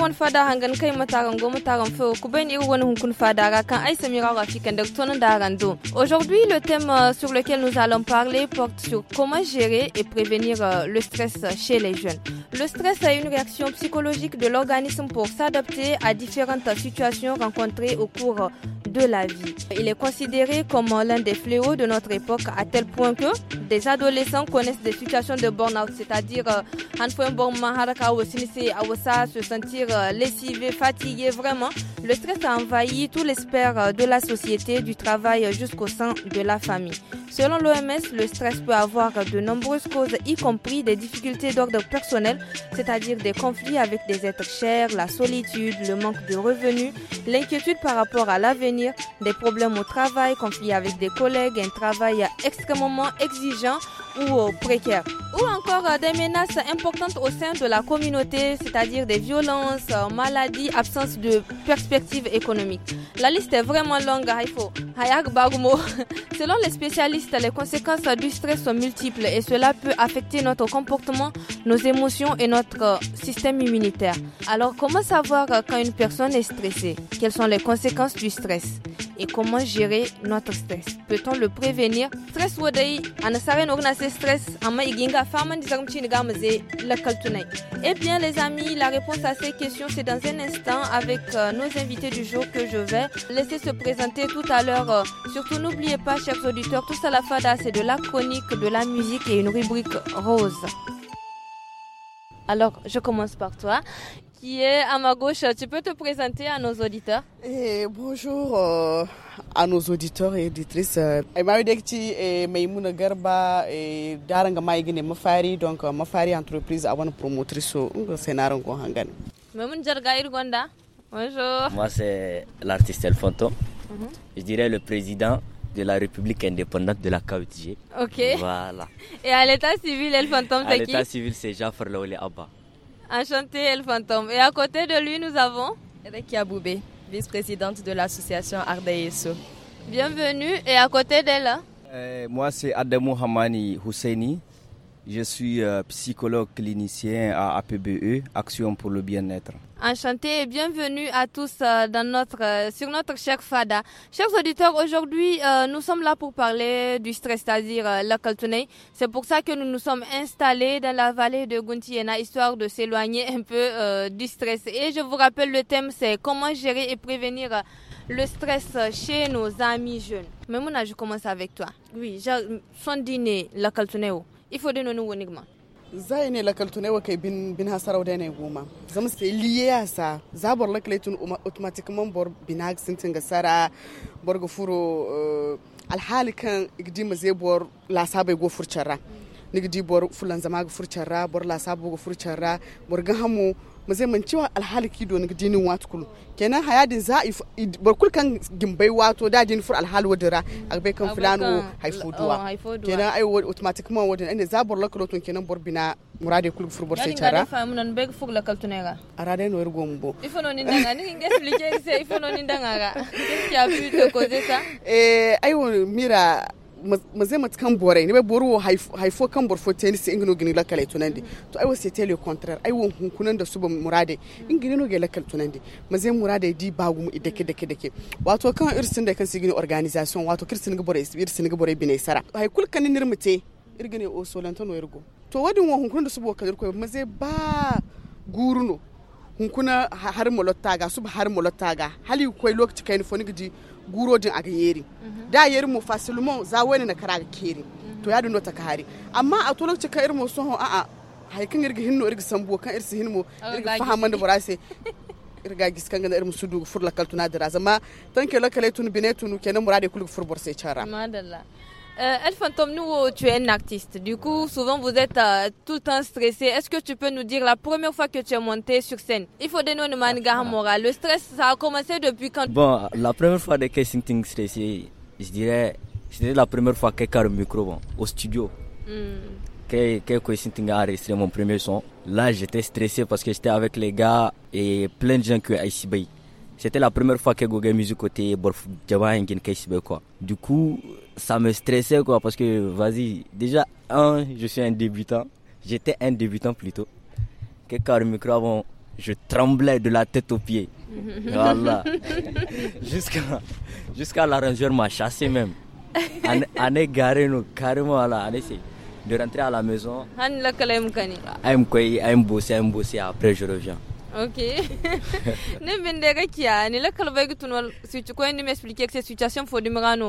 aujourd'hui le thème euh, sur lequel nous allons parler porte sur comment gérer et prévenir euh, le stress chez les jeunes le stress est une réaction psychologique de l'organisme pour s'adapter à différentes situations rencontrées au cours de la vie. Il est considéré comme l'un des fléaux de notre époque à tel point que des adolescents connaissent des situations de burn-out, c'est-à-dire euh, se sentir euh, les vraiment. Le stress a envahi tout les euh, de la société, du travail euh, jusqu'au sein de la famille. Selon l'OMS, le stress peut avoir de nombreuses causes, y compris des difficultés d'ordre personnel, c'est-à-dire des conflits avec des êtres chers, la solitude, le manque de revenus, l'inquiétude par rapport à l'avenir, des problèmes au travail, conflits avec des collègues, un travail extrêmement exigeant, ou précaires ou encore euh, des menaces importantes au sein de la communauté, c'est-à-dire des violences, euh, maladies, absence de perspective économique. La liste est vraiment longue, hein, Selon les spécialistes, les conséquences du stress sont multiples et cela peut affecter notre comportement, nos émotions et notre euh, système immunitaire. Alors comment savoir quand une personne est stressée Quelles sont les conséquences du stress et comment gérer notre stress. Peut-on le prévenir Stress stress Eh bien les amis, la réponse à ces questions c'est dans un instant avec euh, nos invités du jour que je vais laisser se présenter tout à l'heure. Euh. surtout n'oubliez pas chers auditeurs, tout ça, la fada c'est de la chronique, de la musique et une rubrique rose. Alors, je commence par toi qui est à ma gauche. Tu peux te présenter à nos auditeurs et eh, Bonjour euh, à nos auditeurs et auditrices. Je euh, et Maïmouna Garba et Daranga Maïgine Mafari, donc euh, Mafari entreprise avant promotrice au Sénarango Hangan. Maïmouna Jarga Irgonda, bonjour. Moi c'est l'artiste El Fonto. Mhm. Je dirais le président de la République indépendante de la KOTG. Ok. Voilà. Et à l'état civil, El Fantôme, c'est qui À l'état civil, c'est Jafar Abba. Enchantée, El Fantôme. Et à côté de lui, nous avons Rekia Boubé, vice-présidente de l'association Ardeyeso. Bienvenue. Et à côté d'elle hein? euh, Moi, c'est Ademou Hamani Husseini, je suis euh, psychologue clinicien à APBE, Action pour le bien-être. Enchanté et bienvenue à tous euh, dans notre, euh, sur notre chère FADA. Chers auditeurs, aujourd'hui, nous sommes là pour parler du stress, c'est-à-dire la Kaltunei. C'est pour ça que nous nous sommes installés dans la vallée de Guntiena, histoire de s'éloigner un peu du stress. Et je vous rappelle, le thème, c'est comment gérer et prévenir le stress chez nos amis jeunes. Memouna, je commence avec toi. Oui, son dîner, la où ifo de nonu wonig ma zai ne lakal tunai wa kai bin bin hasarau da ne goma zama sai liya sa za zabor lakal tun automatically bor binag sintin ga sara bor ga furo eh, alhalikan ma zai bor la sabai go furcara nigdi bor fulan zama ga furcara bor la sabu go furcara bor ga hamu ma zai man cewa alhaliki don dinin watu kulu kenan hayadin za a bar kulkan gimbai wato da jin fur alhali wadira a bai kan fulano haifoduwa kenan ai automatic man wadin inda za bor lokalo ton kenan bor bina murade kul fur bor sai tara fa mun non beg fug lokal tunega arade no ergo mbo ifono ni ndanga ni ngi explique se ifono ni ndanga ga ya fi to ko zeta eh ai mira mazai mat kan borai ne bai boru haifo kan bor fo tenis ingino gini lakalai tunan di to ai wasi tele contraire ai won hunkunan da suba murade ingini no gele kale tunandi murade di bagu mu idake dake dake wato kan irsin da kan gini organisation wato kirsin ga borai irsin ga borai bine sara ai kul kan nirmite irgine o solanta no irgo to wadin won hunkunan da suba kadir ko maze ba guruno hunkuna har molotta ga suba har molotta ga hali koy lokaci kai ni fo ni gidi gurodin a gayeri mhm. da yeri mu fasilmo za wani na kara kere to ya dindo ta kare amma a tulanci ka irmo sun a'a kan irgi hinno irgi sambo kan irsi hinmo oh, irgi fahaman da burase irga giskan gana irmu sudu furla kaltuna dira zama tanke lokale tun bine tunu kenan murade furbor sai chara madalla Fantôme, euh, nous, oh, tu es un artiste. Du coup, souvent, vous êtes euh, tout le temps stressé. Est-ce que tu peux nous dire la première fois que tu es monté sur scène Il faut une manga ah, moral. Le stress, ça a commencé depuis quand Bon, la première fois de Kessington stressé, je dirais, c'était la première fois que j'ai le micro au studio. Hmm. Que Kessington a enregistré mon premier son. Là, j'étais stressé parce que j'étais avec les gars et plein de gens qui ici C'était la première fois que j'ai Music côté quoi. Du coup, ça me stressait quoi parce que vas-y, déjà un, je suis un débutant, j'étais un débutant plutôt. Que car le micro avant, je tremblais de la tête aux pieds. Voilà. jusqu'à jusqu'à l'arrangeur m'a chassé même. On est garé nous carrément à la de rentrer à la maison. Aime quoi, aime bosser, aime bosser après je reviens. ok ne bendega kia ni la kalbai gutun wal su chukoi ni me expliquer que cette situation fo dimrano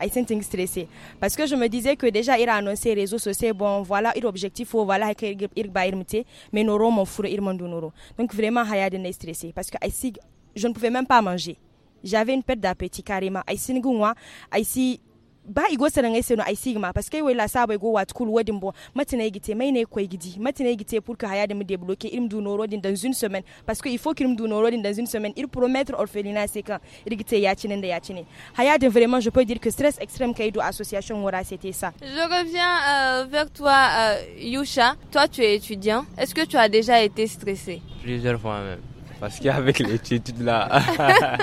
I senting stressé parce que je me disais que déjà il a annoncé les réseaux sociaux bon voilà il objectif oh, voilà il va mais il mon four il noro donc vraiment a de stressé parce que je ne pouvais même pas manger j'avais une perte d'appétit carrément Je suis ba igo sarangai seno ai sigma parce que wela sabo igo wat cool wedding bo matina igite mai ne koy gidi matina igite pour que haya de me débloquer il me donne rodin dans une semaine parce que il faut qu'il me donne rodin dans une semaine il promettre orphelinat c'est quand il ya chine de ya chine haya de vraiment je peux dire que stress extrême kaido association wora c'était ça je reviens euh, vers toi euh, Yusha toi tu es étudiant est-ce que tu as déjà été stressé plusieurs fois même parce qu'avec les études là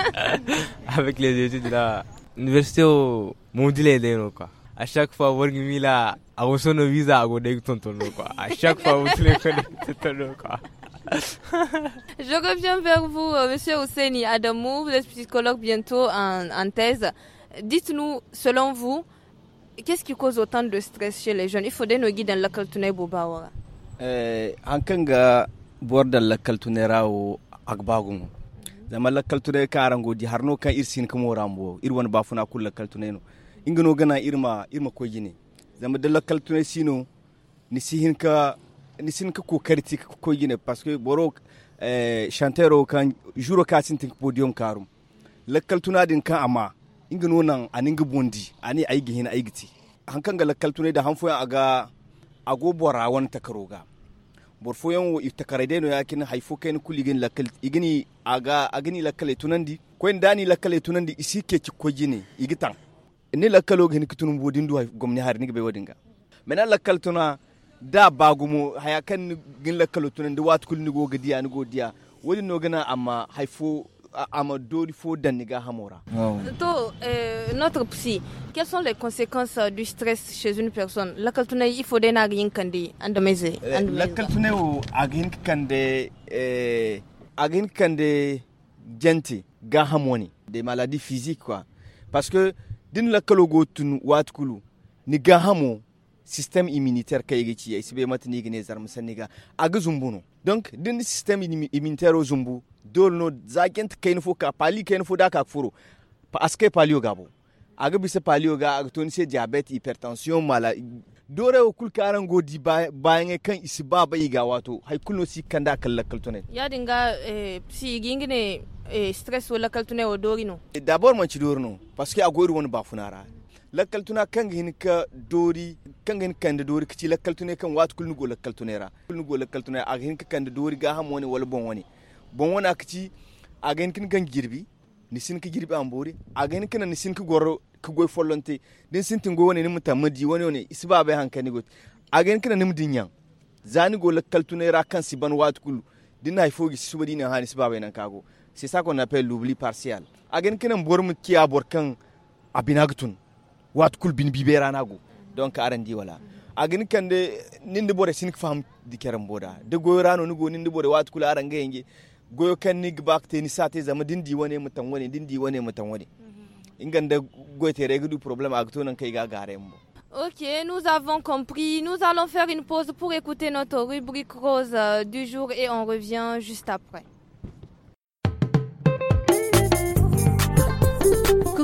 avec les études là université o mondile de no quoi à chaque fois worgi mi a woso visa go de ton ton quoi à chaque fois vous le connectez ton no quoi Je reviens vers vous, euh, Monsieur Ousseini Adamou, vous êtes psychologue bientôt en, en thèse. Dites-nous, selon vous, qu'est-ce qui cause autant de stress chez les jeunes Il faut des nos guides dans la kaltune bobawara. Eh, en kanga bord dans la kaltune rao agbagungu. zama lakkal tunai ka arango di harno kan ir sin kamo rambo ir ba bafuna kul lakkal tunai no ingano gana irma irma ko gine zama da lakkal tunai sino ni sihin ka ni ka kokari ti ko gine parce boro eh, shantero kan juro ka sin tin podium karum lakkal din kan amma ingano nan aninga bondi ani aigi hin aigiti hankan ga lakkal tunai da hanfoya aga agobora wani takaroga borfoyan wo iftakaraideno yakin haifo kain kuligin lakal igini aga agini lakal tunandi kwen dani lakal tunandi isi keci kojini igitan ni lakalo gen kitun bodin du hay gomni har ni be wadinga mena lakal tuna da bagumo haya kan gin lakal tunandi wat kulni go gadiya ni go diya wodi no gana amma haifo Amadou Fodaniga Hamora. Eh, notre psy, quelles sont les conséquences euh, du stress chez une personne La Lakaltune, il faut des nagin kandi, andameze. Eh, Lakaltune ou agin kande, eh, agin kande, genti, gahamoni, des maladies physiques quoi. Parce que, din lakalogo tun watkulu, ni gahamo, système immunitaire kayegiti, isbe matni gine zarmsaniga, aga zumbuno. Donc, din système immunitaire au zumbu, dolno zakent kain fo ka pali kain fo da ka furo pa aske palio gabo aga bise palio ga aga toni se diabetes hypertension mala dore o kul karan godi bayan kan isi ba bai ga wato hay kulno si kanda kala kaltone ya dinga eh, si gingine eh, stress wala kaltone o dorino eh, dabor man ci dorino parce que agoru won ba funara lakkal tuna kan hin ka dori kan hin kan da dori kici lakkal tune kan wat kulnu go lakkal ra. kulnu go lakkal tunera a hin ka kan da dori ga ham wani wal bon wani bon wona kiti agen kin gan girbi ni sin ki girbi ambori agen kin ni sin ki goro ki goy follonte din sin tin goy woni ni muta madi woni woni isba be hankani got agen kin ni mudinyan zani go lakkal tuna ra kan ban wat kulu din hay fogi suba din ha ni siba be nan kago c'est ça qu'on appelle l'oubli partiel agen kin bor mu ki abor kan abinagtun wat kul bin bibera nago donc arandi wala agin kande nindi bore sin fam dikeram boda de rano ni go nindi bore wat kul aranga yenge goyo kan ni gba te ni sate zama dindi wane mutan wane dindi wane mutan wane mhm. inganda goy te règle problème to nan kai ga gare mu Ok, nous avons compris. Nous allons faire une pause pour écouter notre rubrique rose euh, du jour et on revient juste après.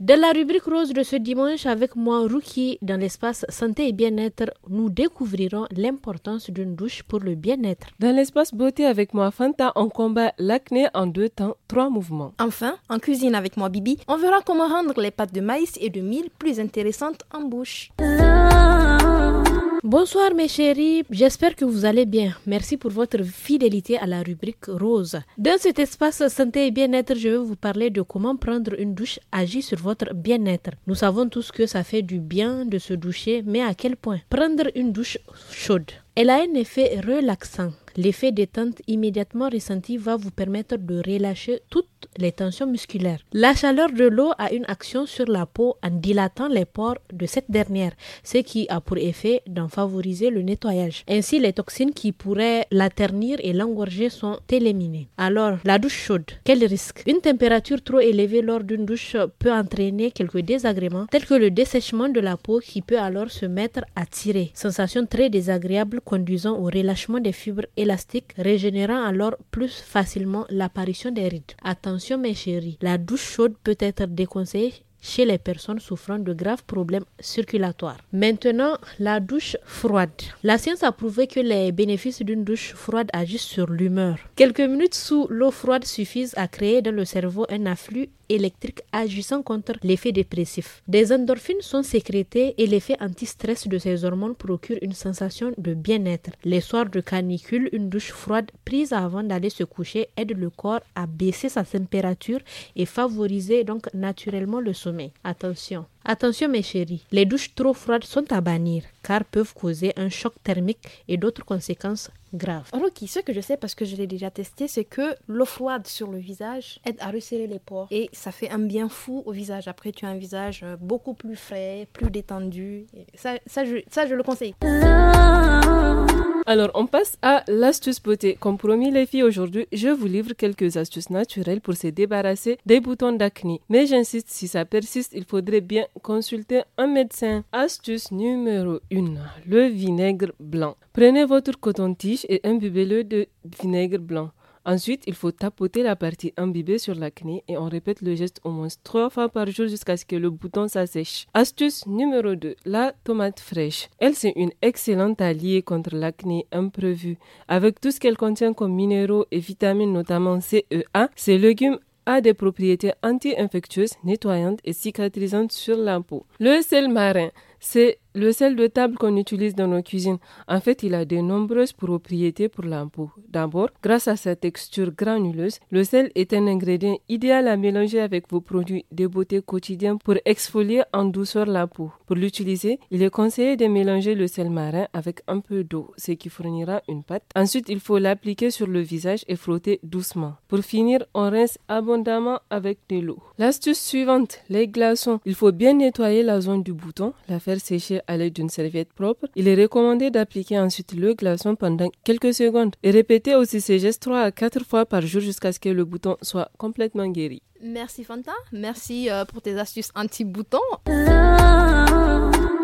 Dans la rubrique rose de ce dimanche, avec moi, Rookie, dans l'espace santé et bien-être, nous découvrirons l'importance d'une douche pour le bien-être. Dans l'espace beauté avec moi, Fanta, on combat l'acné en deux temps, trois mouvements. Enfin, en cuisine avec moi, Bibi, on verra comment rendre les pâtes de maïs et de mil plus intéressantes en bouche. Bonsoir mes chéris, j'espère que vous allez bien. Merci pour votre fidélité à la rubrique rose. Dans cet espace santé et bien-être, je vais vous parler de comment prendre une douche agit sur votre bien-être. Nous savons tous que ça fait du bien de se doucher, mais à quel point Prendre une douche chaude. Elle a un effet relaxant. L'effet détente immédiatement ressenti va vous permettre de relâcher toute les tensions musculaires. La chaleur de l'eau a une action sur la peau en dilatant les pores de cette dernière, ce qui a pour effet d'en favoriser le nettoyage. Ainsi, les toxines qui pourraient la ternir et l'engorger sont éliminées. Alors, la douche chaude, quel risque Une température trop élevée lors d'une douche peut entraîner quelques désagréments tels que le dessèchement de la peau qui peut alors se mettre à tirer, sensation très désagréable conduisant au relâchement des fibres élastiques, régénérant alors plus facilement l'apparition des rides. Attention mes chéris, la douche chaude peut être déconseillée chez les personnes souffrant de graves problèmes circulatoires. Maintenant, la douche froide. La science a prouvé que les bénéfices d'une douche froide agissent sur l'humeur. Quelques minutes sous l'eau froide suffisent à créer dans le cerveau un afflux Électrique agissant contre l'effet dépressif. Des endorphines sont sécrétées et l'effet anti-stress de ces hormones procure une sensation de bien-être. Les soirs de canicule, une douche froide prise avant d'aller se coucher aide le corps à baisser sa température et favoriser donc naturellement le sommeil. Attention. Attention mes chéris, les douches trop froides sont à bannir car peuvent causer un choc thermique et d'autres conséquences grave. Rocky, ce que je sais parce que je l'ai déjà testé, c'est que l'eau froide sur le visage aide à resserrer les pores et ça fait un bien fou au visage. Après, tu as un visage euh, beaucoup plus frais, plus détendu. ça, ça, je le conseille. Alors, on passe à l'astuce beauté. Comme promis, les filles, aujourd'hui, je vous livre quelques astuces naturelles pour se débarrasser des boutons d'acné. Mais j'insiste, si ça persiste, il faudrait bien consulter un médecin. Astuce numéro 1. Le vinaigre blanc. Prenez votre coton-tige et imbibez-le de vinaigre blanc. Ensuite, il faut tapoter la partie imbibée sur l'acné et on répète le geste au moins trois fois par jour jusqu'à ce que le bouton s'assèche. Astuce numéro 2, la tomate fraîche. Elle, c'est une excellente alliée contre l'acné imprévu. Avec tout ce qu'elle contient comme minéraux et vitamines, notamment CEA, ces légumes a des propriétés anti-infectieuses, nettoyantes et cicatrisantes sur la peau. Le sel marin, c'est le sel de table qu'on utilise dans nos cuisines, en fait, il a de nombreuses propriétés pour la peau. D'abord, grâce à sa texture granuleuse, le sel est un ingrédient idéal à mélanger avec vos produits de beauté quotidien pour exfolier en douceur la peau. Pour l'utiliser, il est conseillé de mélanger le sel marin avec un peu d'eau, ce qui fournira une pâte. Ensuite, il faut l'appliquer sur le visage et frotter doucement. Pour finir, on rince abondamment avec de l'eau. L'astuce suivante, les glaçons. Il faut bien nettoyer la zone du bouton, la faire sécher à l'aide d'une serviette propre, il est recommandé d'appliquer ensuite le glaçon pendant quelques secondes et répéter aussi ces gestes 3 à 4 fois par jour jusqu'à ce que le bouton soit complètement guéri. Merci Fanta, merci euh, pour tes astuces anti-boutons.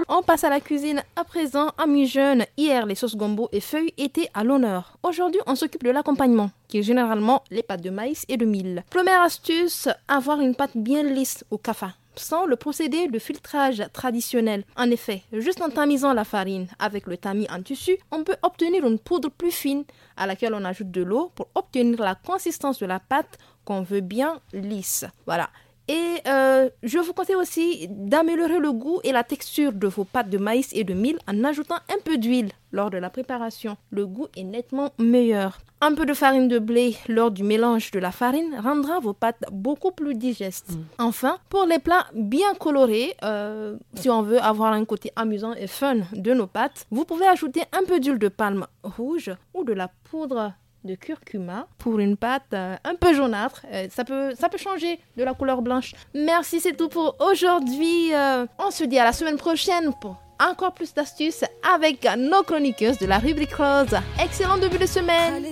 On passe à la cuisine. À présent, amis jeunes, hier les sauces gombo et feuilles étaient à l'honneur. Aujourd'hui, on s'occupe de l'accompagnement, qui est généralement les pâtes de maïs et de mil. Première astuce, avoir une pâte bien lisse au kafa sans le procédé de filtrage traditionnel. En effet, juste en tamisant la farine avec le tamis en tissu, on peut obtenir une poudre plus fine à laquelle on ajoute de l'eau pour obtenir la consistance de la pâte qu'on veut bien lisse. Voilà. Et euh, je vous conseille aussi d'améliorer le goût et la texture de vos pâtes de maïs et de mil en ajoutant un peu d'huile lors de la préparation. Le goût est nettement meilleur. Un peu de farine de blé lors du mélange de la farine rendra vos pâtes beaucoup plus digestes. Mm. Enfin, pour les plats bien colorés, euh, si on veut avoir un côté amusant et fun de nos pâtes, vous pouvez ajouter un peu d'huile de palme rouge ou de la poudre de curcuma pour une pâte euh, un peu jaunâtre. Euh, ça, peut, ça peut changer de la couleur blanche. Merci, c'est tout pour aujourd'hui. Euh, on se dit à la semaine prochaine pour encore plus d'astuces avec nos chroniqueuses de la rubrique rose. Excellent début de semaine.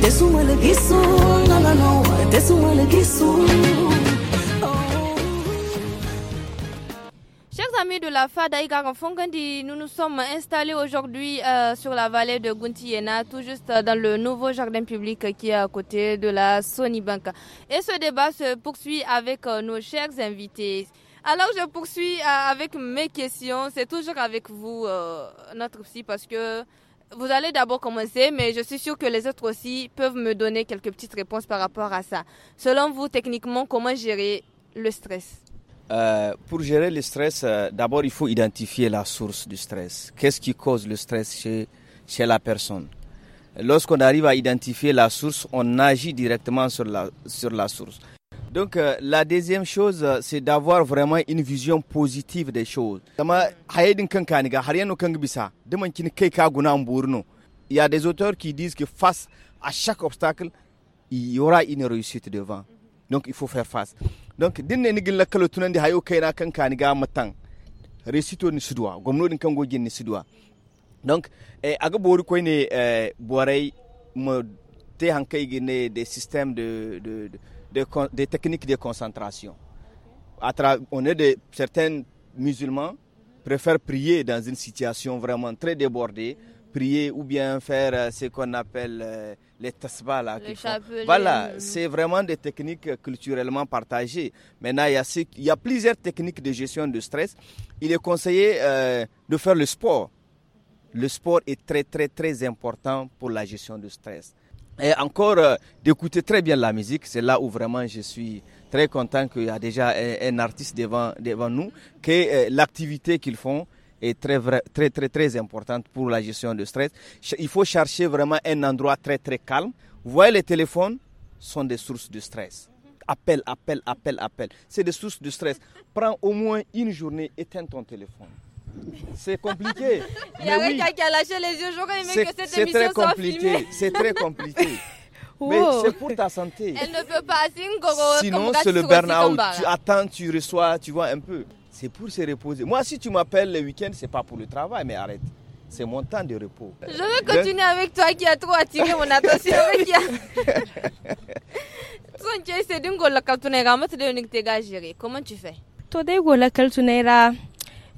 Chers amis de la FADA Fongandi, nous nous sommes installés aujourd'hui euh, sur la vallée de Guntiena, tout juste dans le nouveau jardin public qui est à côté de la Sony Bank. Et ce débat se poursuit avec euh, nos chers invités. Alors, je poursuis euh, avec mes questions. C'est toujours avec vous, notre psy, parce que vous allez d'abord commencer, mais je suis sûre que les autres aussi peuvent me donner quelques petites réponses par rapport à ça. Selon vous, techniquement, comment gérer le stress euh, pour gérer le stress, euh, d'abord il faut identifier la source du stress. Qu'est-ce qui cause le stress chez, chez la personne Lorsqu'on arrive à identifier la source, on agit directement sur la, sur la source. Donc euh, la deuxième chose, euh, c'est d'avoir vraiment une vision positive des choses. Il y a des auteurs qui disent que face à chaque obstacle, il y aura une réussite devant. Donc il faut faire face. Donc il y a Donc eh, eh, des systèmes de des, techniques de concentration. on est de certains musulmans préfèrent prier dans une situation vraiment très débordée, prier ou bien faire euh, ce qu'on appelle euh, les tasbahs. voilà, c'est vraiment des techniques culturellement partagées. Maintenant, il y, a, plusieurs techniques de gestion de stress. Il est conseillé euh, de faire le sport. Le sport est très, très, très important pour la gestion du stress et encore euh, d'écouter très bien la musique. C'est là où vraiment je suis très content qu'il y a déjà un, artiste devant, devant nous, que euh, l'activité qu'ils font est très, très, très, très importante pour la gestion du stress. Il faut chercher vraiment un endroit très, très calme. Vous voyez, les téléphones sont des sources de stress. Appel, appel, appel, appel. C'est des sources de stress. Prends au moins une journée, éteins ton téléphone. C'est compliqué. Il y a quelqu'un qui a lâché les yeux. J'aurais aimé que cette émission très compliqué. C'est très compliqué. Mais oh. c'est pour ta santé. Elle ne peut pas. Sinon, c'est le burn-out. Tu attends, tu reçois, tu vois un peu. C'est pour se reposer. Moi, si tu m'appelles le week-end, c'est pas pour le travail, mais arrête. C'est mon temps de repos. Je veux continuer avec toi qui a trop attiré mon attention. Comment tu fais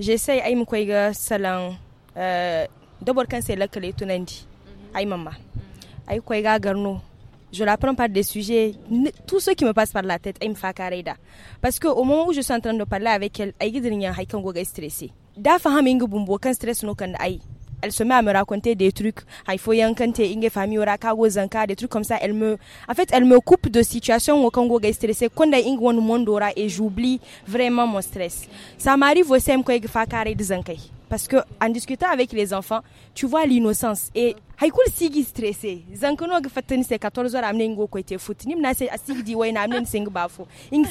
j'essaye ai mu koiga salan euh d'abord quand c'est là que les tunandi mhm. ai maman mhm. ai koiga garno je la prends par des sujets tout ce qui me passe par la tête ai me parce que au moment où je suis en train de parler avec elle ai gidrinya hay kan stressé da fahamin ga kan stress no kan ai elle se met à me raconter des trucs. Ah, il faut inge famille, zanka, des trucs comme ça. Elle me, en fait, elle me coupe de situations où Congo est stressé. Quand inge en mondora et j'oublie vraiment mon stress. Ça m'arrive aussi, avec inge carré de Parce que, en discutant avec les enfants, tu vois l'innocence et haikul sigi stressé zankono ga fatani se 14 heures amne ngo koite foot nim na se asigi di wayna amne sing bafo ing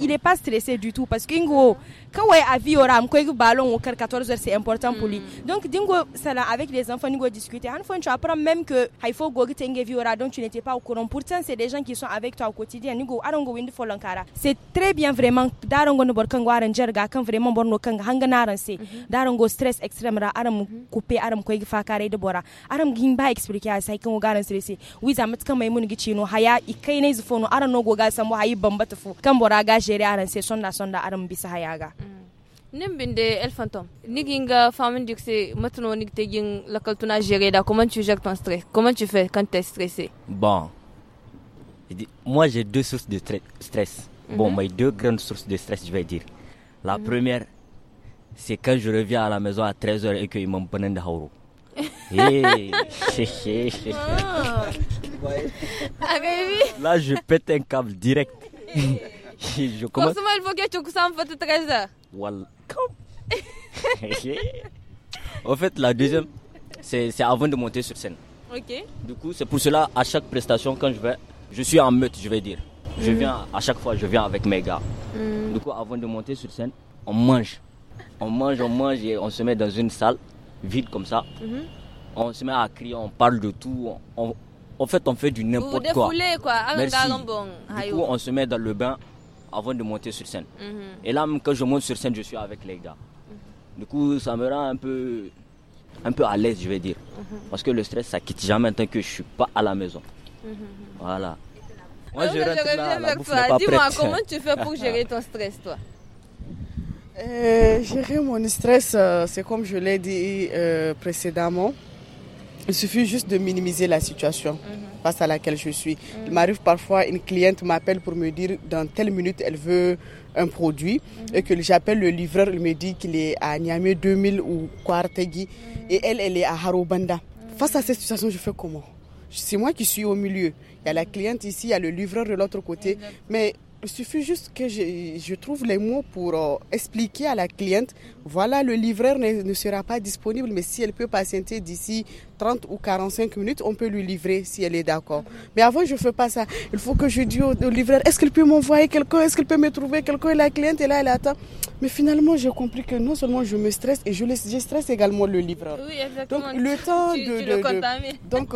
il est pas stressé du tout parce que ngo kawai a vie ora am koy ballon au 14 heures c'est important pour lui mm. donc dingo cela avec les enfants ngo discuter han fon tu apprends même que haifo go ga tenge vie ora donc tu n'étais pas au courant pourtant c'est des gens qui sont avec toi au quotidien ngo arongo wind fo lankara c'est très bien vraiment darongo no borkan waran jerga kan vraiment borno kan hanga naran se mm-hmm. darongo stress extrême ra aram couper mm-hmm. aram ko fa kare de bora aram ging in ba explique ya sai kan garan sire se wi za matkan mai mun gici no haya ikai ne zufo no aran no go ga samu hayi bambata fu kan bora ga jere aran se sonda sonda aran bisa haya ga mm. nimbinde el fantôme niginga femme dit c'est maintenant nig tegin la kaltuna gérer da comment tu gères ton stress comment tu fais quand tu es stressé bon moi j'ai deux sources de stress bon mhm. mes deux grandes sources de stress je vais dire la mhm. première c'est quand je reviens à la maison à 13h et que il m'en m'ont de hauro ah. Ah, Là, je pète un câble direct. je commence. En fait, la deuxième, c'est avant de monter sur scène. Du coup, c'est pour cela, à chaque prestation, quand je vais, je suis en meute, je vais dire. Je mhm. viens, à chaque fois, je viens avec mes gars. Mhm. Du coup, avant de monter sur scène, on mange. On mange, on mange et on se met dans une salle vide comme ça. Mhm. On se met à crier, on parle de tout. en fait, on fait du n'importe quoi. Du coup, on se met dans le bain avant de monter sur scène. Mhm. Et là, quand je monte sur scène, je suis avec les gars. Mhm. Du coup, ça me rend un peu, un peu à l'aise, je vais dire. Parce que le stress, ça quitte jamais tant que je ne suis pas à la maison. Voilà. Euh, Moi, je, reviens là, Dis-moi, comment tu fais pour gérer ton stress, toi euh, gérer mon stress, euh, c'est comme je l'ai dit euh, précédemment. Il suffit juste de minimiser la situation mhm. face à laquelle je suis. Mhm. Il m'arrive parfois, une cliente m'appelle pour me dire dans telle minute elle veut un produit mhm. et que j'appelle le livreur, il me dit qu'il est à Niamey 2000 ou Kwartegi et elle, elle est à Harobanda. Face à cette situation, je fais comment C'est moi qui suis au milieu. Il y a la cliente ici, il y a le livreur de l'autre côté. Mais il suffit juste que je, trouve les mots pour euh, expliquer à la cliente, voilà, le livreur ne, sera pas disponible, mais si elle peut patienter d'ici 30 ou 45 minutes, on peut lui livrer si elle est d'accord. Mais avant, je ne fais pas ça. Il faut que je dise au, livreur, est-ce qu'il peut m'envoyer quelqu'un Est-ce qu'il peut me trouver quelqu'un Et la cliente est là, elle attend. Mais finalement, j'ai compris que non seulement je me stresse, et je, stresse également le livreur. Oui, exactement. Donc, le temps de... donc,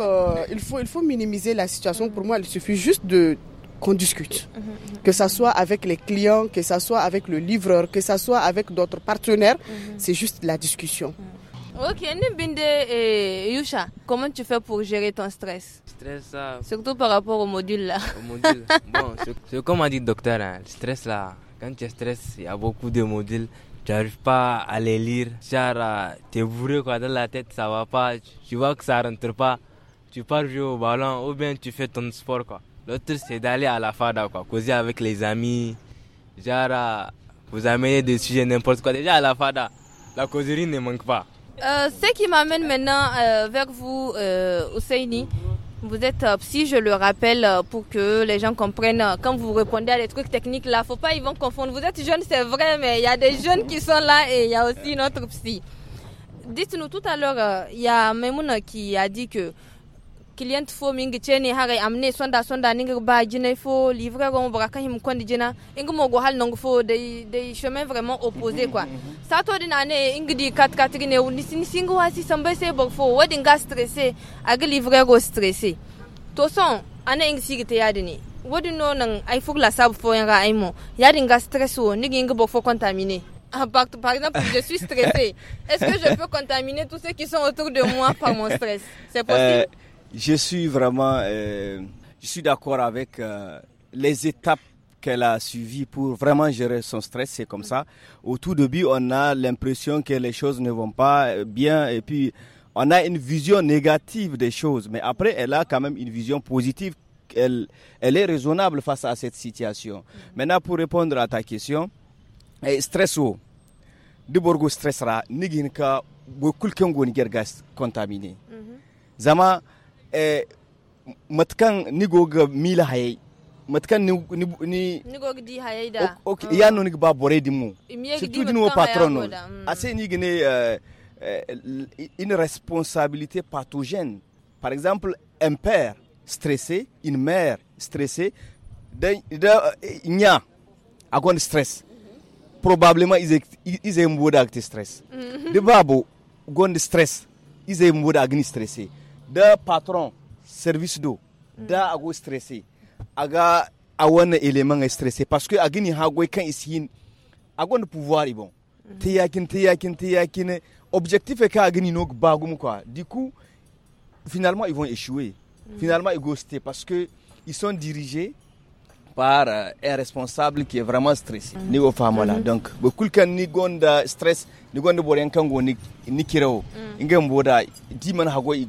il, faut, il faut minimiser la situation. Pour moi, il suffit juste de qu'on discute. Que ça soit avec les clients, que ça soit avec le livreur, que ça soit avec d'autres partenaires, c'est juste la discussion. Ok, Nibinde et Yusha, comment tu fais pour gérer ton stress Stress, Surtout par rapport au module là. Au module. bon, c'est comme a dit le docteur, hein, le stress là, quand tu es stress, il y a beaucoup de modules tu n'arrives pas à les lire. Euh, tu es bourré quoi, dans la tête, ça va pas. Tu vois que ça rentre pas. Tu pars jouer au ballon ou bien tu fais ton sport quoi. L'autre, c'est d'aller à la fada, quoi. Causer avec les amis. Genre, euh, vous amener des sujets, n'importe quoi. Déjà à la fada, la causerie ne manque pas. Euh, ce qui m'amène maintenant euh, vers vous, euh, vous êtes psy, je le rappelle, pour que les gens comprennent. Quand vous répondez à des trucs techniques, là, faut pas, ils vont confondre. Vous êtes jeune, c'est vrai, mais il y a des jeunes qui sont là et il y a aussi notre psy. Dites-nous tout à l'heure, il y a Memouna qui a dit que client fo mingi cheni haga amne sonda sonda ninga ba jina fo livre ko mo baka him kondi jina inga mo go hal nongo fo de de chemin vraiment opposé quoi ça to dina ne ingi di kat kat ne ni ni singa wasi sambe se bo fo wadi nga stressé aga livre go stressé to son ana inga sigite yadini wadi no nan ay fuk la sab fo yanga ay mo yadi nga stress wo nigi inga bo fo contaminé ah, par exemple, je suis stressé. Est-ce que je peux contaminer tous ceux qui sont autour de moi par mon stress C'est possible euh... Je suis vraiment euh, je suis d'accord avec euh, les étapes qu'elle a suivies pour vraiment gérer son stress, c'est comme ça. Au tout début, on a l'impression que les choses ne vont pas euh, bien et puis on a une vision négative des choses, mais après, elle a quand même une vision positive. Elle, elle est raisonnable face à cette situation. Maintenant, pour répondre à ta question, eh, stress haut. Du Borgo stressera, Niginka, beaucoup de gens contaminé. Mhm. Zama, eh, matkan nigoga mila matkan di ok, mm. patron mm. eh, eh, une responsabilité pathogène par exemple un père stressé une mère stressée da a eh, nya agon stress probablement ils ils aiment stress mm. de babo gon stress ils stressé da patron service d'eau, da hmm. ago stressé aga a wannan eleman stressé parce que a gini hagoi kan isin agon pouvoir hmm. te yakin te yakin objectif est ka gini nok bagum quoi du coup finalement ils vont échouer hmm. finalement ils vont parce que ils sont dirigés par un euh, responsable qui est vraiment stressé mhm. niveau go mhm. donc beaucoup kulkan ni gonda stress ni gonda boren kango ni ni kirawo mhm. ingem boda di man hago i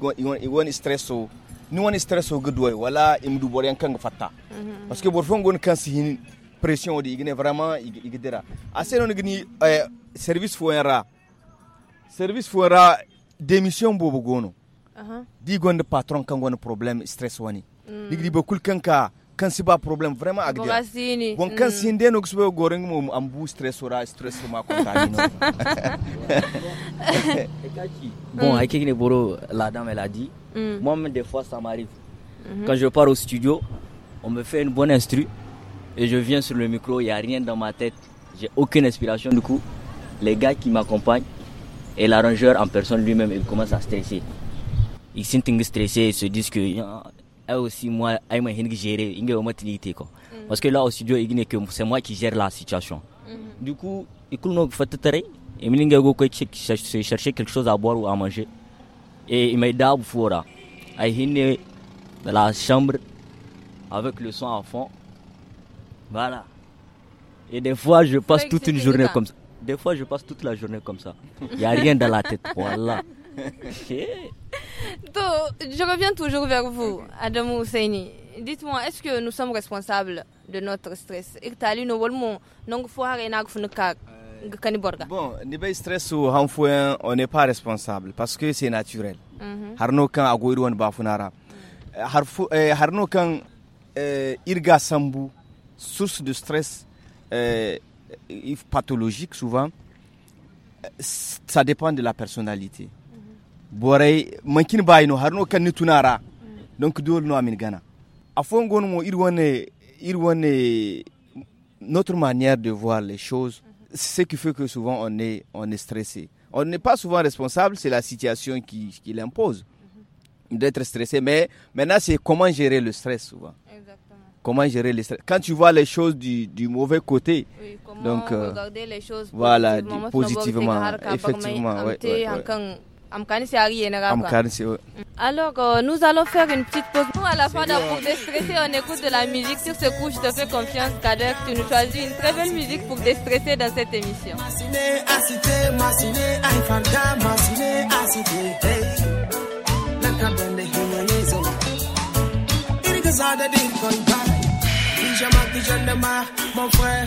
woni stress so ni woni stress so gudu wala imdu boren kango fatta parce que borfon gon kan si pression o di igne vraiment igdera non ni eh, service foera service foera démission bobo gono di gonda patron kango no problème stress wani digi be kulkan ka c'est pas un problème, vraiment ak bon c'est mm. ndeno am bu stress ora stress ma ko bon mm. avec ne boro la dame elle a dit mm. moi même des fois ça m'arrive mm-hmm. quand je pars au studio on me fait une bonne instru et je viens sur le micro il y a rien dans ma tête j'ai aucune inspiration du coup les gars qui m'accompagnent et l'arrangeur en personne lui-même il commence à stresser ils sont stressés ils se disent que ah, aussi, moi, elle m'a géré, il la quoi. Mm. Parce que là, au studio, c'est moi qui gère la situation. Mm-hmm. Du coup, il faut chercher quelque chose à boire ou à manger. Et il m'a aidé à bouffer. dans la chambre avec le son à fond. Voilà. Et des fois, je passe toute une journée comme ça. Des fois, je passe toute la journée comme ça. Il n'y a rien dans la tête. Voilà. Donc, je reviens toujours vers vous, Adam Ousseini. Dites-moi, est-ce que nous sommes responsables de notre stress euh, Bon, les stress ou on n'est pas responsable parce que c'est naturel. Mhm. Harno kan agoiru on bafunara. Euh, euh, harno kan irga sambu source de stress euh, pathologique souvent ça dépend de la personnalité boray donc no amin gana mo notre manière de voir les choses c'est ce qui fait que souvent on est on est stressé on n'est pas souvent responsable c'est la situation qui qui l'impose d'être stressé mais maintenant c'est comment gérer le stress souvent Comment gérer le stress Quand tu vois les choses du, du mauvais côté, donc euh, regarder les choses voilà, positivement, effectivement, alors, euh, nous allons faire une petite pause. Nous, à la fin, pour déstresser, on écoute de la musique. Sur ce coup, je te fais confiance, Kader. Tu nous choisis une très belle musique pour déstresser dans cette émission. Mon frère,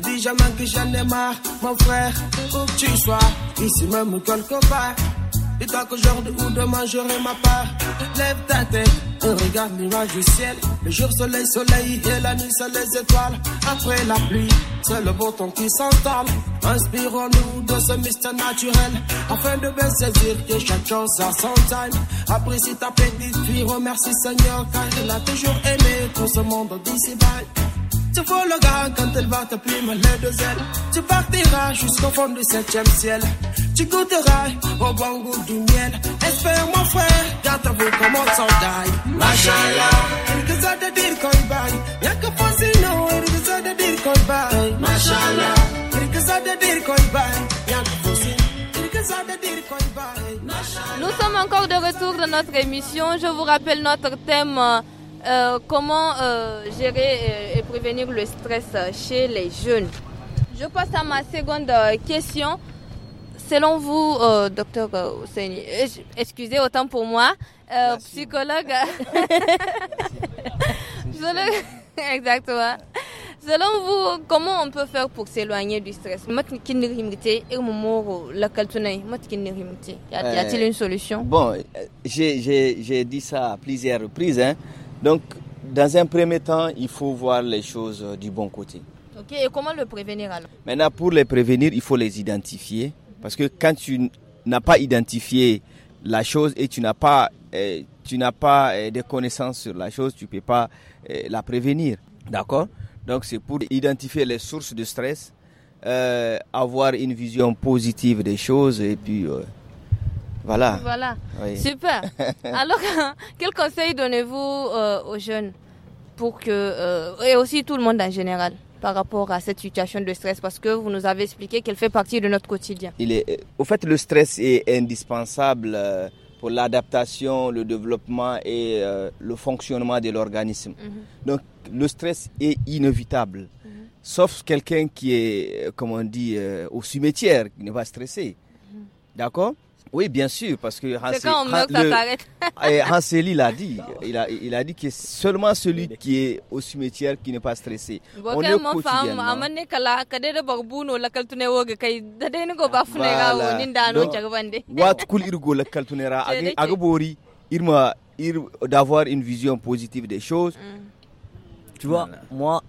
dis jamais que j'en ai marre, mon frère, où que tu sois, ici même ou quelque part. Dis-toi qu'aujourd'hui ou demain j'aurai ma part. Lève ta tête, et regarde l'image du ciel. Le jour, soleil, soleil et la nuit, c'est les étoiles. Après la pluie, c'est le beau temps qui s'entame Inspirons-nous de ce mystère naturel afin de bien saisir que chaque chose a son time. Apprécie ta petite vie, remercie Seigneur car il a toujours aimé tout ce monde d'ici-bas. Tu gars quand elle va t'appeler les deux ailes. Tu partiras jusqu'au fond du septième ciel. Tu goûteras au bon goût du miel. Espère mon frère, garde vous comme on s'en taille. Machala, il que ça te dire qu'on baille. Y'a que Fosino, il que ça de dire qu'on baille. il que ça de dire qu'on baille. Y'a que Nous sommes encore de retour dans notre émission. Je vous rappelle notre thème euh, euh, comment euh, gérer euh, et, prévenir le stress chez les jeunes Je passe à ma seconde question. Selon vous, docteur excusez autant pour moi, psychologue, exactement. Selon vous, comment on peut faire pour s'éloigner du stress Y a-t-il une solution Bon, j'ai dit ça à plusieurs reprises. Hein. Donc, dans un premier temps, il faut voir les choses du bon côté. Ok, et comment le prévenir alors Maintenant, pour les prévenir, il faut les identifier. Parce que quand tu n'as pas identifié la chose et tu n'as pas, eh, tu n'as pas eh, de connaissances sur la chose, tu ne peux pas eh, la prévenir. D'accord Donc, c'est pour identifier les sources de stress, euh, avoir une vision positive des choses et puis. Euh, voilà. Super. Alors, quel conseil donnez-vous euh, aux jeunes pour que, euh, et aussi tout le monde en général, par rapport à cette situation de stress Parce que vous nous avez expliqué qu'elle fait partie de notre quotidien. Euh, au fait, le stress est indispensable pour l'adaptation, le développement et le fonctionnement de l'organisme. Mhm. Donc, le stress est inévitable. Mhm. Sauf quelqu'un qui est, comme on dit, au cimetière, qui ne va stresser, mhm. D'accord oui, bien sûr, parce que Hanseli eh, l'a dit. Il a, il a dit que seulement celui qui est au cimetière qui n'est pas stressé. On est d'avoir une vision positive des choses. Mm. Tu vois, moi,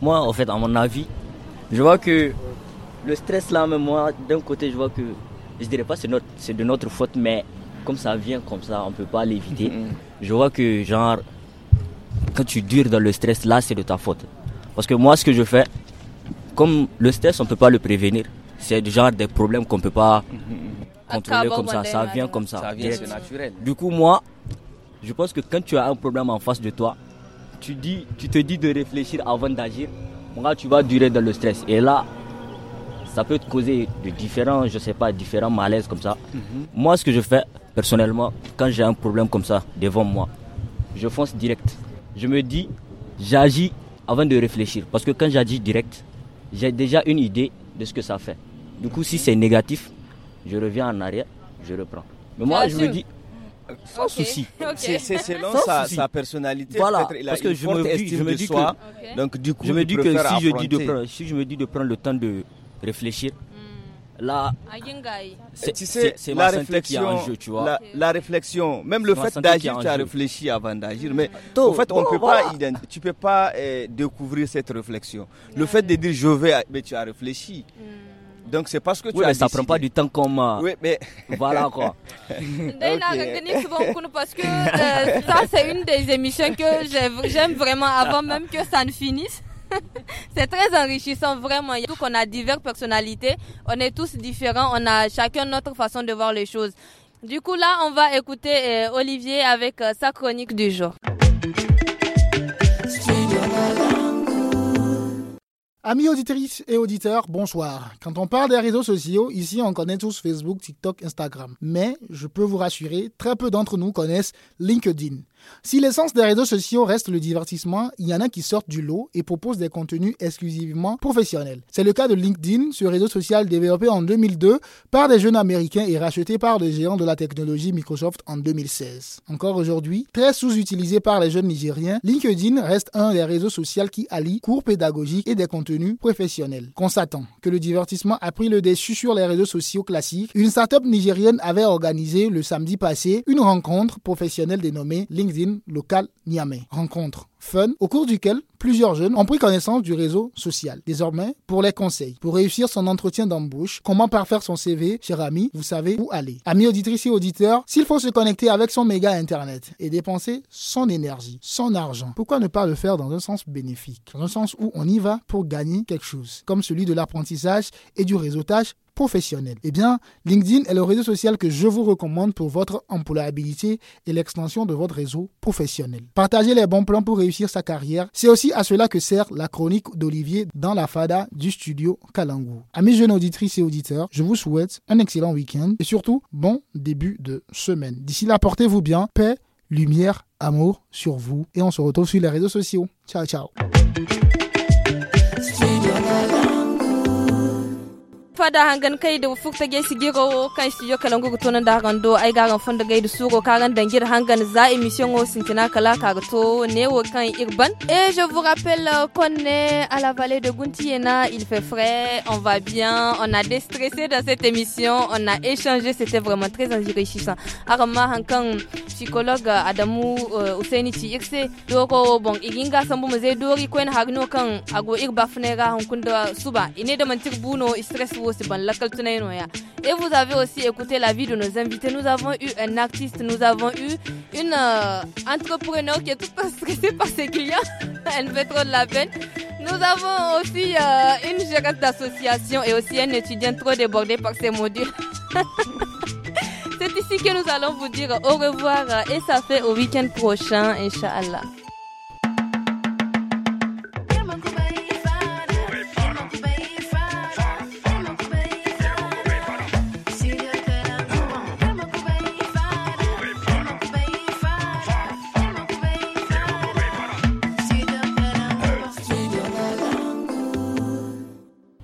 moi, en fait, à mon avis, je vois que le stress là, même moi, d'un côté, je vois que je dirais pas c'est c'est de notre faute, mais comme ça vient comme ça, on peut pas l'éviter. Mhm. Je vois que genre quand tu dures dans le stress, là c'est de ta faute. Parce que moi ce que je fais, comme le stress on peut pas le prévenir, c'est du genre des problèmes qu'on peut pas mhm. contrôler comme ça, ça vient comme ça. Ça vient c'est naturel. Du coup moi, je pense que quand tu as un problème en face de toi, tu dis, tu te dis de réfléchir avant d'agir. Moi tu vas durer dans le stress et là ça peut te causer de différents, je sais pas, différents malaises comme ça. Mhm. Moi, ce que je fais personnellement, quand j'ai un problème comme ça devant moi, je fonce direct. Je me dis, j'agis avant de réfléchir. Parce que quand j'agis direct, j'ai déjà une idée de ce que ça fait. Du coup, si c'est négatif, je reviens en arrière, je reprends. Mais moi, je me dis, sans souci. C'est selon sa, personnalité. Voilà. parce que je me dis, je donc du coup, je me dis que si je dis de si je me dis de prendre le temps de réfléchir. Hmm. La, ah, tu sais, c'est la réflexion, qui jeu, tu vois. La, réflexion, même le fait d'agir, tu as réfléchi avant d'agir, hmm. mais en fait, on peut pas, tu peux pas eh, découvrir cette réflexion. Le fait de dire je vais, mais tu as réfléchi. Hmm. Donc c'est parce que tu as mais ça prend pas du temps comme euh, Oui, mais voilà quoi. okay. parce que euh, ça c'est une des émissions que j'aime vraiment avant même que ça ne finisse. c'est très enrichissant, vraiment. Tout qu'on a diverses personnalités, on est tous différents, on a chacun notre façon de voir les choses. Du coup, là, on va écouter euh, Olivier avec euh, sa chronique du jour. Amis auditrices et auditeurs, bonsoir. Quand on parle des réseaux sociaux, ici on connaît tous Facebook, TikTok, Instagram. Mais je peux vous rassurer, très peu d'entre nous connaissent LinkedIn. Si l'essence des réseaux sociaux reste le divertissement, il y en a qui sortent du lot et proposent des contenus exclusivement professionnels. C'est le cas de LinkedIn, ce réseau social développé en 2002 par des jeunes américains et racheté par des géants de la technologie Microsoft en 2016. Encore aujourd'hui, très sous-utilisé par les jeunes nigériens, LinkedIn reste un des réseaux sociaux qui allie cours pédagogiques et des contenus professionnels. Constatant que le divertissement a pris le dessus sur les réseaux sociaux classiques, une start-up nigérienne avait organisé le samedi passé une rencontre professionnelle dénommée LinkedIn Local locale Niamey. Rencontre fun, au cours duquel plusieurs jeunes ont pris connaissance du réseau social. Désormais, pour les conseils, pour réussir son entretien d'embauche, comment parfaire son CV, cher ami, vous savez où aller. Amis auditrices et auditeurs, s'il faut se connecter avec son méga Internet et dépenser son énergie, son argent, pourquoi ne pas le faire dans un sens bénéfique, dans un sens où on y va pour gagner quelque chose, comme celui de l'apprentissage et du réseautage professionnel. Eh bien, LinkedIn est le réseau social que je vous recommande pour votre employabilité et l'extension de votre réseau professionnel. Partagez les bons plans pour réussir sa carrière, c'est aussi à cela que sert la chronique d'Olivier dans la fada du studio Kalangu. Amis jeunes auditrices et auditeurs, je vous souhaite un excellent week-end et surtout bon début de semaine. D'ici là, portez-vous bien, paix, lumière, amour sur vous et on se retrouve sur les réseaux sociaux. Ciao, ciao. fada hangan kai da fukta gai su giro kan studio kalangu gutu nan da hagan do ai garan fanda gai da kagan karan dangir hangan za emission o sintina kala kagato ne wo kan irban et je vous rappelle qu'on est à la vallée de Guntiena il fait frais on va bien on a déstressé dans cette émission on a échangé c'était vraiment très enrichissant arama hankan psychologue Adamu euh, Usaini ci irse doko bon iginga sambu mazai dori ko en hagno kan ago irbafne ga hankunda suba ine da mantik buno stress et vous avez aussi écouté l'avis de nos invités. Nous avons eu un artiste, nous avons eu une euh, entrepreneur qui est tout stressée par ses clients. Elle fait trop de la peine. Nous avons aussi euh, une gérante d'association et aussi un étudiant trop débordé par ses modules. C'est ici que nous allons vous dire au revoir et ça fait au week-end prochain, Inch'Allah.